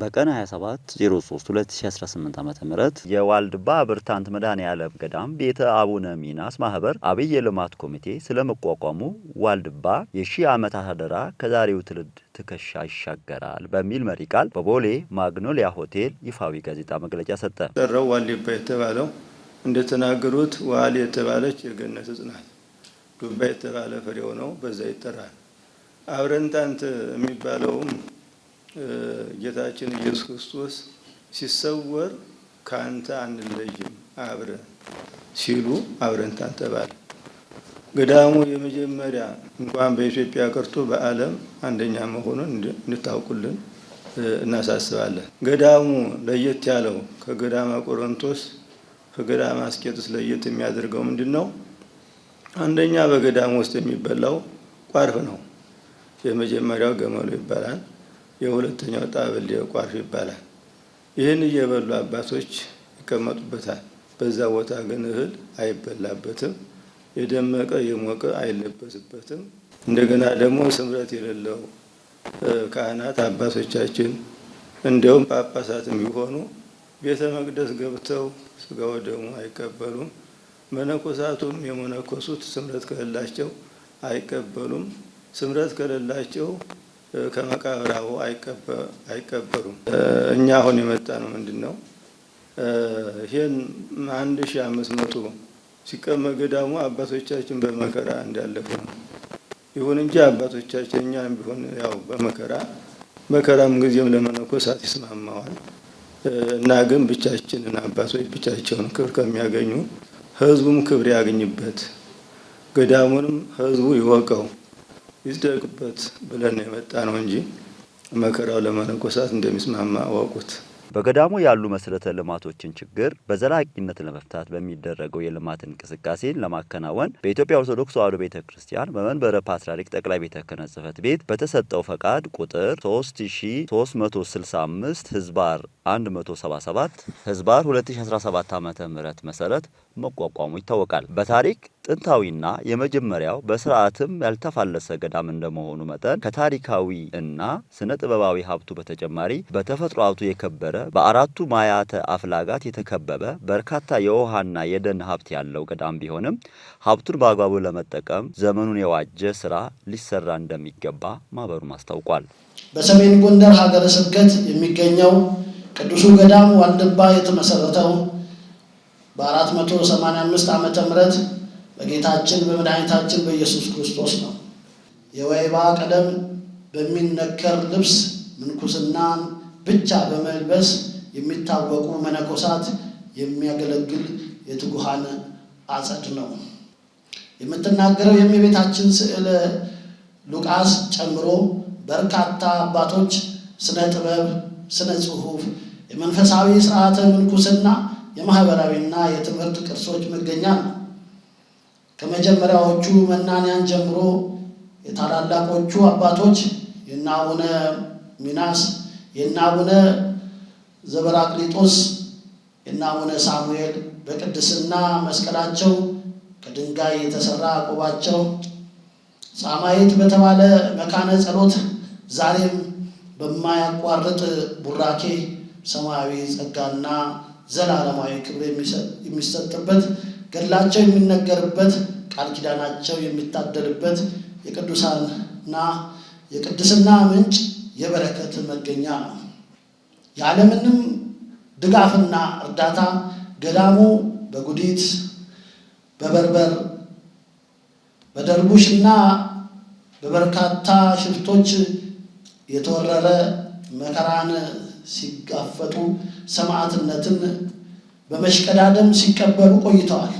በቀን 27 03 2018 ዓ ም የዋልድባ ብርታንት መድኃኔዓለም ገዳም ቤተ አቡነ ሚናስ ማህበር አብይ ልማት ኮሚቴ ስለመቋቋሙ ዋልድባ የሺህ ዓመት አደራ ከዛሬው ትውልድ ትከሻ ይሻገራል በሚል መሪ ቃል በቦሌ ማግኖሊያ ሆቴል ይፋዊ ጋዜጣ መግለጫ ሰጠ። ጠራው ዋልድባ የተባለው እንደተናገሩት ዋል የተባለች የገነት እጽ ናት። ዱባ የተባለ ፍሬው ነው፣ በዛ ይጠራል። አብረንታንት የሚባለውም ጌታችን ኢየሱስ ክርስቶስ ሲሰወር ከአንተ አንለይም አብረን ሲሉ አብረን ታንተባል። ገዳሙ የመጀመሪያ እንኳን በኢትዮጵያ ቀርቶ በዓለም አንደኛ መሆኑን እንድታውቁልን እናሳስባለን። ገዳሙ ለየት ያለው ከገዳማ ቆሮንቶስ ከገዳማ አስቄጥስ ለየት የሚያደርገው ምንድን ነው? አንደኛ በገዳሙ ውስጥ የሚበላው ቋርፍ ነው። የመጀመሪያው ገመሉ ይባላል። የሁለተኛው ጣብል ቋርፍ ይባላል። ይህን እየበሉ አባቶች ይቀመጡበታል። በዛ ቦታ ግን እህል አይበላበትም። የደመቀ የሞቀ አይለበስበትም። እንደገና ደግሞ ስምረት የሌለው ካህናት አባቶቻችን እንዲያውም ጳጳሳትም ቢሆኑ ቤተ መቅደስ ገብተው ስጋው ደግሞ አይቀበሉም። መነኮሳቱም የመነኮሱት ስምረት ከሌላቸው አይቀበሉም። ስምረት ከሌላቸው ከመቃብራቡ አይቀበሩም። እኛ አሁን የመጣ ነው ምንድን ነው ይህን አንድ ሺህ አምስት መቶ ሲቀመጥ ገዳሙ አባቶቻችን በመከራ እንዳለፉ ነው። ይሁን እንጂ አባቶቻችን እኛ ቢሆን ያው በመከራ መከራም ጊዜም ለመነኮሳት ይስማማዋል እና ግን ብቻችንን አባቶች ብቻቸውን ክብር ከሚያገኙ ህዝቡም ክብር ያገኝበት ገዳሙንም ህዝቡ ይወቀው። ይዝደቅበት ብለን የመጣ ነው እንጂ መከራው ለመነኮሳት እንደሚስማማ አወቁት። በገዳሙ ያሉ መሰረተ ልማቶችን ችግር በዘላቂነት ለመፍታት በሚደረገው የልማት እንቅስቃሴን ለማከናወን በኢትዮጵያ ኦርቶዶክስ ተዋሕዶ ቤተ ክርስቲያን በመንበረ ፓትርያርክ ጠቅላይ ቤተ ክህነት ጽሕፈት ቤት በተሰጠው ፈቃድ ቁጥር 3365 ህዝባር 177 ህዝባር 2017 ዓመተ ምህረት መሰረት መቋቋሙ ይታወቃል። በታሪክ ጥንታዊና የመጀመሪያው በስርዓትም ያልተፋለሰ ገዳም እንደመሆኑ መጠን ከታሪካዊ እና ስነ ጥበባዊ ሀብቱ በተጨማሪ በተፈጥሮ ሀብቱ የከበረ በአራቱ ማያተ አፍላጋት የተከበበ በርካታ የውሃና የደን ሀብት ያለው ገዳም ቢሆንም ሀብቱን በአግባቡ ለመጠቀም ዘመኑን የዋጀ ስራ ሊሰራ እንደሚገባ ማህበሩም አስታውቋል። በሰሜን ጎንደር ሀገረ ስብከት የሚገኘው ቅዱሱ ገዳም ዋልድባ የተመሰረተው በ485 ዓመተ ምህረት በጌታችን በመድኃኒታችን በኢየሱስ ክርስቶስ ነው። የወይባ ቀለም በሚነከር ልብስ ምንኩስናን ብቻ በመልበስ የሚታወቁ መነኮሳት የሚያገለግል የትጉሃን አጸድ ነው። የምትናገረው የእመቤታችን ስዕለ ሉቃስ ጨምሮ በርካታ አባቶች ስነ ጥበብ ስነ ጽሁፍ፣ የመንፈሳዊ ስርዓተ ምንኩስና የማህበራዊና የትምህርት ቅርሶች መገኛ ነው። ከመጀመሪያዎቹ መናንያን ጀምሮ የታላላቆቹ አባቶች የእነ አቡነ ሚናስ፣ የእነ አቡነ ዘበራቅሊጦስ፣ የእነ አቡነ ሳሙኤል በቅድስና መስቀላቸው ከድንጋይ የተሰራ ቆባቸው ሳማይት በተባለ መካነ ጸሎት ዛሬም በማያቋርጥ ቡራኬ ሰማያዊ ጸጋና ዘላለማዊ ክብር የሚሰጥበት ገድላቸው የሚነገርበት ቃል ኪዳናቸው የሚታደልበት የቅዱሳንና የቅድስና ምንጭ የበረከት መገኛ ነው። ያለምንም ድጋፍና እርዳታ ገዳሙ በጉዲት በበርበር በደርቡሽና በበርካታ ሽፍቶች የተወረረ መከራን ሲጋፈጡ ሰማዕትነትን በመሽቀዳደም ሲቀበሉ ቆይተዋል።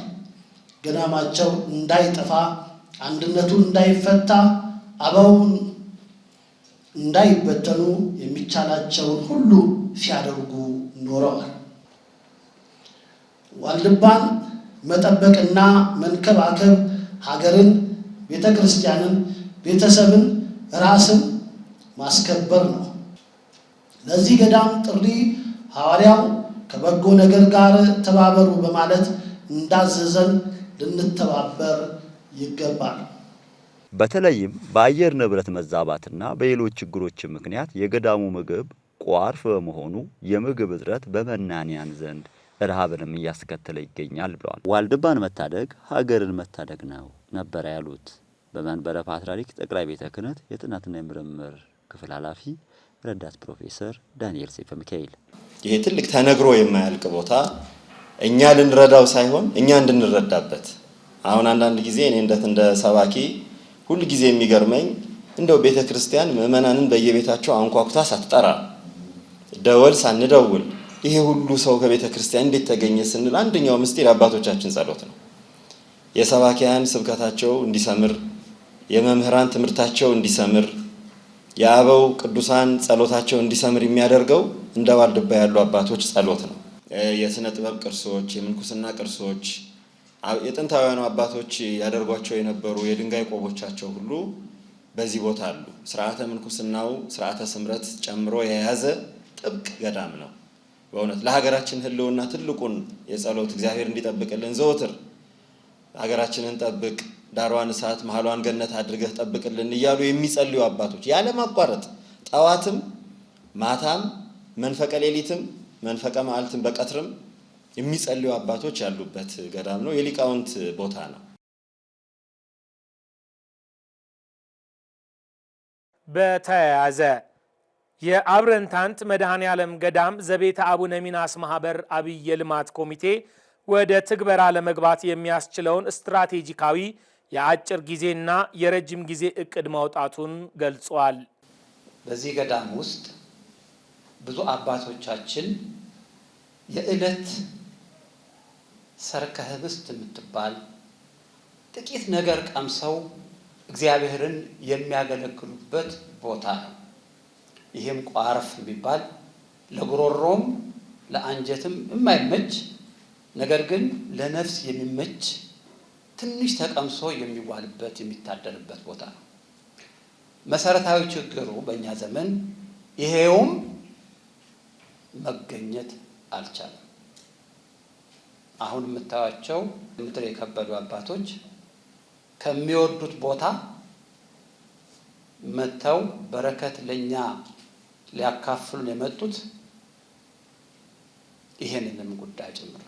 ገዳማቸው እንዳይጠፋ አንድነቱ እንዳይፈታ አበውን እንዳይበተኑ የሚቻላቸውን ሁሉ ሲያደርጉ ኖረዋል። ዋልድባን መጠበቅና መንከባከብ ሀገርን፣ ቤተ ክርስቲያንን፣ ቤተሰብን፣ ራስን ማስከበር ነው። ለዚህ ገዳም ጥሪ ሐዋርያው ከበጎ ነገር ጋር ተባበሩ በማለት እንዳዘዘን ልንተባበር ይገባል። በተለይም በአየር ንብረት መዛባትና በሌሎች ችግሮች ምክንያት የገዳሙ ምግብ ቋርፍ በመሆኑ የምግብ እጥረት በመናንያን ዘንድ ረሃብንም እያስከተለ ይገኛል ብለዋል። ዋልድባን መታደግ ሀገርን መታደግ ነው ነበረ ያሉት በመንበረ ፓትርያርክ ጠቅላይ ቤተ ክህነት የጥናትና የምርምር ክፍል ኃላፊ ረዳት ፕሮፌሰር ዳንኤል ሴፈ ሚካኤል ይሄ ትልቅ ተነግሮ የማያልቅ ቦታ እኛ ልንረዳው ሳይሆን እኛ እንድንረዳበት። አሁን አንዳንድ ጊዜ እኔ እንደት እንደ ሰባኪ ሁል ጊዜ የሚገርመኝ እንደው ቤተ ክርስቲያን ምዕመናንን በየቤታቸው አንኳኩታ ሳትጠራ ደወል ሳንደውል ይሄ ሁሉ ሰው ከቤተ ክርስቲያን እንዴት ተገኘ ስንል አንደኛው ምስጢር አባቶቻችን ጸሎት ነው። የሰባኪያን ስብከታቸው እንዲሰምር፣ የመምህራን ትምህርታቸው እንዲሰምር የአበው ቅዱሳን ጸሎታቸው እንዲሰምር የሚያደርገው እንደ ዋልድባ ያሉ አባቶች ጸሎት ነው። የስነ ጥበብ ቅርሶች፣ የምንኩስና ቅርሶች፣ የጥንታውያኑ አባቶች ያደርጓቸው የነበሩ የድንጋይ ቆቦቻቸው ሁሉ በዚህ ቦታ አሉ። ስርዓተ ምንኩስናው ስርዓተ ስምረት ጨምሮ የያዘ ጥብቅ ገዳም ነው። በእውነት ለሀገራችን ሕልውና ትልቁን የጸሎት እግዚአብሔር እንዲጠብቅልን ዘወትር ሀገራችንን ጠብቅ ዳሯን እሳት መሀሏን ገነት አድርገህ ጠብቅልን እያሉ የሚጸልዩ አባቶች ያለማቋረጥ ጠዋትም ማታም መንፈቀ ሌሊትም መንፈቀ መዓልትም በቀትርም የሚጸልዩ አባቶች ያሉበት ገዳም ነው። የሊቃውንት ቦታ ነው። በተያያዘ የአብረንታንት መድኃኔ ዓለም ገዳም ዘቤተ አቡነ ሚናስ ማህበር አብይ የልማት ኮሚቴ ወደ ትግበራ ለመግባት የሚያስችለውን ስትራቴጂካዊ የአጭር ጊዜና የረጅም ጊዜ እቅድ ማውጣቱን ገልጿል። በዚህ ገዳም ውስጥ ብዙ አባቶቻችን የእለት ሰርከ ህብስት የምትባል ጥቂት ነገር ቀምሰው እግዚአብሔርን የሚያገለግሉበት ቦታ ነው። ይህም ቋርፍ የሚባል ለጉሮሮም ለአንጀትም የማይመች ነገር ግን ለነፍስ የሚመች ትንሽ ተቀምሶ የሚዋልበት የሚታደርበት ቦታ ነው። መሰረታዊ ችግሩ በእኛ ዘመን ይሄውም መገኘት አልቻለም። አሁን የምታዩቸው ምድር የከበዱ አባቶች ከሚወዱት ቦታ መጥተው በረከት ለእኛ ሊያካፍሉን የመጡት ይሄንንም ጉዳይ ጭምር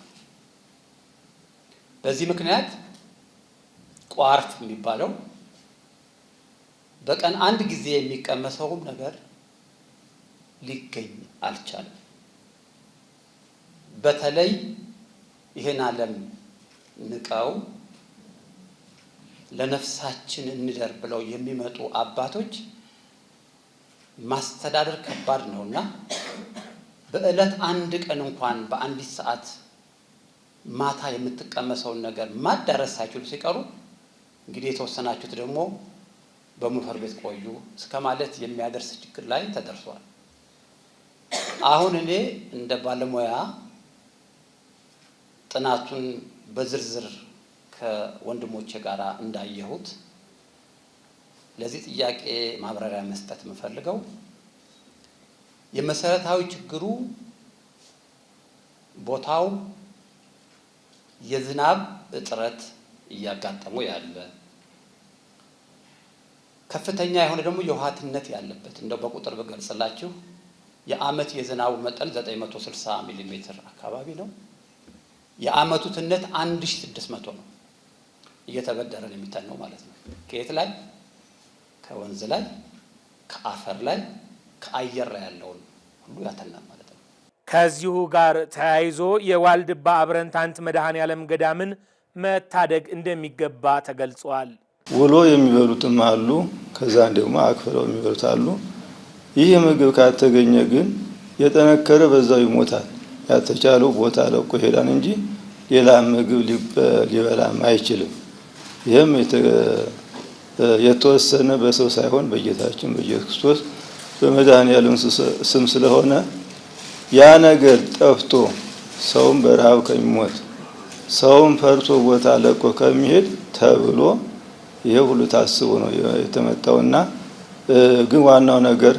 በዚህ ምክንያት ቋርት የሚባለው በቀን አንድ ጊዜ የሚቀመሰውም ነገር ሊገኝ አልቻለም። በተለይ ይህን ዓለም ንቀው ለነፍሳችን እንደር ብለው የሚመጡ አባቶች ማስተዳደር ከባድ ነውና በዕለት አንድ ቀን እንኳን በአንዲት ሰዓት ማታ የምትቀመሰውን ነገር ማዳረስ ሳይችሉ ሲቀሩ እንግዲህ የተወሰናችሁት ደግሞ በሙፈር ቤት ቆዩ እስከ ማለት የሚያደርስ ችግር ላይ ተደርሷል። አሁን እኔ እንደ ባለሙያ ጥናቱን በዝርዝር ከወንድሞቼ ጋር እንዳየሁት ለዚህ ጥያቄ ማብራሪያ መስጠት የምፈልገው የመሰረታዊ ችግሩ ቦታው የዝናብ እጥረት እያጋጠሙ ያለ ከፍተኛ የሆነ ደግሞ የውሃትነት ያለበት እንደው በቁጥር ብገልጽላችሁ የአመት የዝናቡ መጠን 960 ሚሊ ሜትር አካባቢ ነው። የአመቱ ትነት 1600 ነው። እየተበደረን ነው ማለት ነው። ከየት ላይ? ከወንዝ ላይ፣ ከአፈር ላይ፣ ከአየር ላይ ያለውን ሁሉ ያተናል ማለት ነው። ከዚሁ ጋር ተያይዞ የዋልድባ አብረንታንት መድኃኔ ዓለም ገዳምን መታደግ እንደሚገባ ተገልጿል። ውሎ የሚበሉትም አሉ፣ ከዛ ደግሞ አክፍለው የሚበሉት አሉ። ይህ ምግብ ካልተገኘ ግን የጠነከረ በዛው ይሞታል። ያልተቻለው ቦታ ለቆ ይሄዳል እንጂ ሌላ ምግብ ሊበላም አይችልም። ይህም የተወሰነ በሰው ሳይሆን በጌታችን በኢየሱስ ክርስቶስ በመድኃኔዓለም ስም ስለሆነ ያ ነገር ጠፍቶ ሰውም በረሃብ ከሚሞት ሰውን ፈርቶ ቦታ ለቆ ከሚሄድ ተብሎ ይሄ ሁሉ ታስቦ ነው የተመጣውና ግን ዋናው ነገር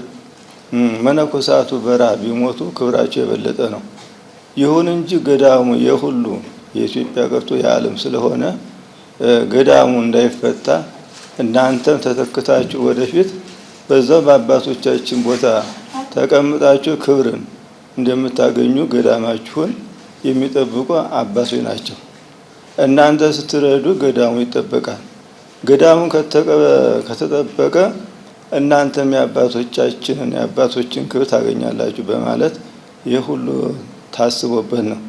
መነኮሳቱ በረሃ ቢሞቱ ክብራቸው የበለጠ ነው። ይሁን እንጂ ገዳሙ የሁሉ የኢትዮጵያ ቀርቶ የዓለም ስለሆነ ገዳሙ እንዳይፈታ እናንተም ተተክታችሁ ወደፊት በዛው በአባቶቻችን ቦታ ተቀምጣችሁ ክብርን እንደምታገኙ ገዳማችሁን የሚጠብቁ አባቶች ናቸው። እናንተ ስትረዱ ገዳሙ ይጠበቃል። ገዳሙ ከተጠበቀ እናንተም የአባቶቻችንን የአባቶችን ክብር ታገኛላችሁ በማለት ይህ ሁሉ ታስቦበት ነው።